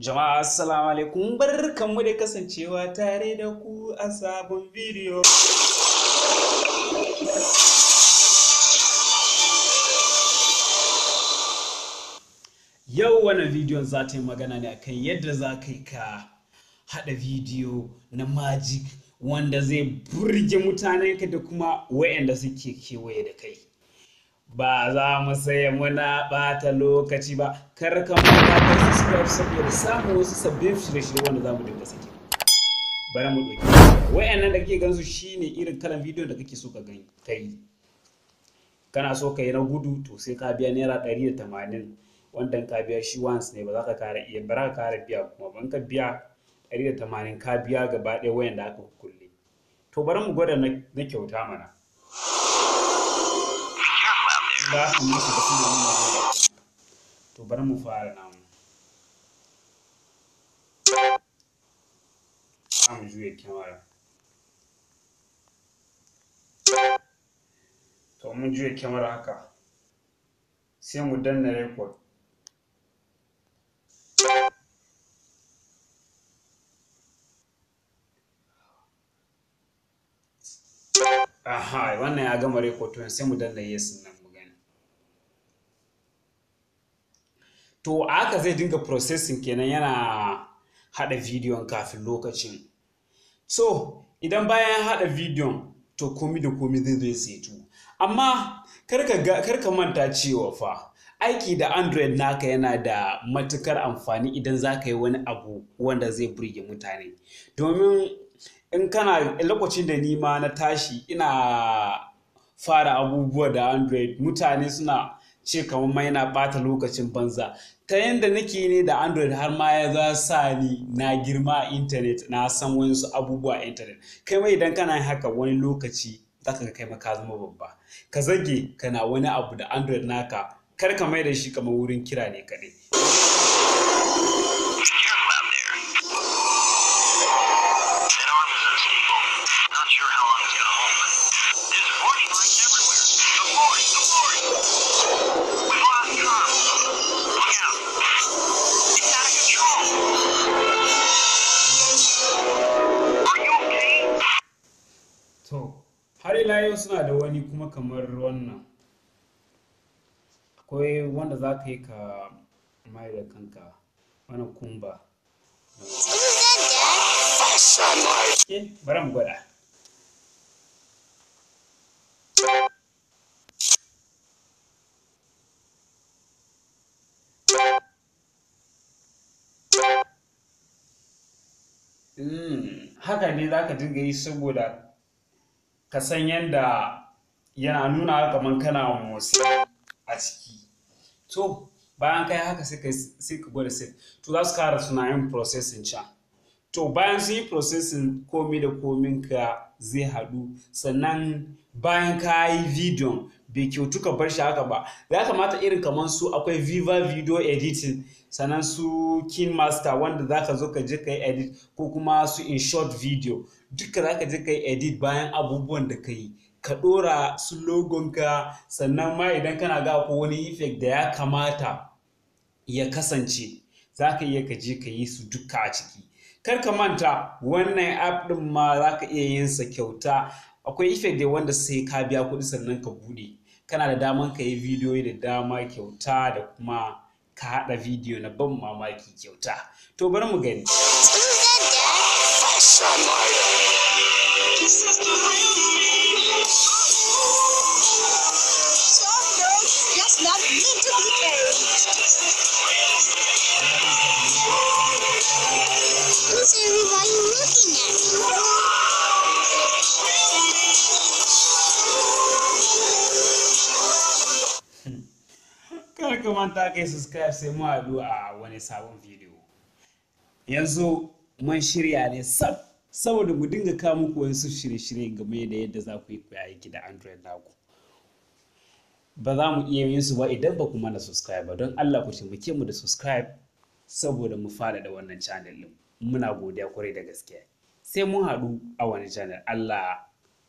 Jama'a assalamu alaikum barkanmu da kasancewa tare da ku a sabon bidiyo. Yau wannan bidiyon za ta yi magana ne akan yadda za ka yi ka haɗa bidiyo na magic wanda zai burge mutanenka da kuma wayanda suke kewaye da kai. ba za mu saya muna ɓata lokaci ba kar ka manta ka subscribe saboda samun wasu sabbin shirye-shirye wanda za mu dinga saki bari mu ɗauki wayannan da kake gansu shine irin kalan bidiyon da kake so ka gani kai kana so ka yi na gudu to sai ka biya naira ɗari da tamanin wanda ka biya shi once ne ba za ka kara iya ba za ka kara biya kuma ban ka biya ɗari da tamanin ka biya gaba ɗaya wayanda da aka kulle to bari mu gwada na kyauta mana za ka musu da su da nuna to bari mu fara namu mu juya kyamara to mun juya kyamara haka sai mu danna record aha wannan ya gama record to sai mu danna yes nan to aka zai dinga processing kenan yana hada bidiyon kafin lokacin so idan bayan hada bidiyon to komi da komi zai zai setu amma karka manta cewa fa aiki da android naka yana da matukar amfani idan za ka yi wani abu wanda zai burge mutane domin in kana lokacin da nima na tashi ina fara abubuwa da android mutane suna ce kamar ma yana ɓata lokacin banza ta yadda nake ne da android har ma ya za sa ni na girma a intanet na san wasu abubuwa a intanet kai mai idan kana haka wani lokaci za ka kai maka zama babba ka zage kana wani abu da android naka kar ka mai da shi kamar wurin kira ne kaɗai layo suna da wani kuma kamar wannan akwai wanda za ka yi ka mai da kanka wani kumba eh, bari mu gwada hmm, haka ne za ka dinga yi saboda ka san yadda yana nuna kamar kana motsi a ciki to bayan kai haka sai ka gwada sai to za su kara suna yin processing can to bayan sun yi processing komi da komin ka zai haɗu sannan bayan ka yi bidiyon bai kyautu ka bar shi haka ba ya kamata irin kamar su akwai viva video editing sannan su King master wanda za ka zo ka je ka yi edit ko kuma su in short video duka za ka je ka yi edit bayan abubuwan da ka yi ka ɗora su logon ka, sannan ma idan kana ga ko wani effect da ya kamata ya kasance za ka iya ka je ka yi su duka a ciki kar ka manta wannan app din ma za ka iya yin sa kyauta akwai effect dai wanda sai ka biya kuɗi sannan ka buɗe kana da daman ka yi video da dama kyauta da kuma ka haɗa bidiyo na ban mamaki kyauta to bari mu gani kar ka manta kai subscribe sai mu haɗu a wani sabon bidiyo yanzu mun shirya ne sab saboda mu dinga kawo muku wasu shirye-shirye game da yadda za ku yi aiki da android naku ba za mu iya yin su ba idan ba ku mana subscribe ba don allah ku taimake mu da subscribe saboda mu fada da wannan channel din muna godiya kwarai da gaske sai mun haɗu a wani channel allah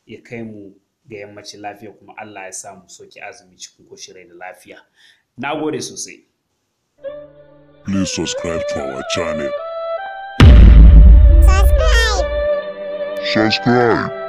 ya kai mu ga yammacin lafiya kuma allah ya samu soki azumi cikin koshi rai da lafiya Na to say? Please subscribe to our channel. Subscribe! Subscribe!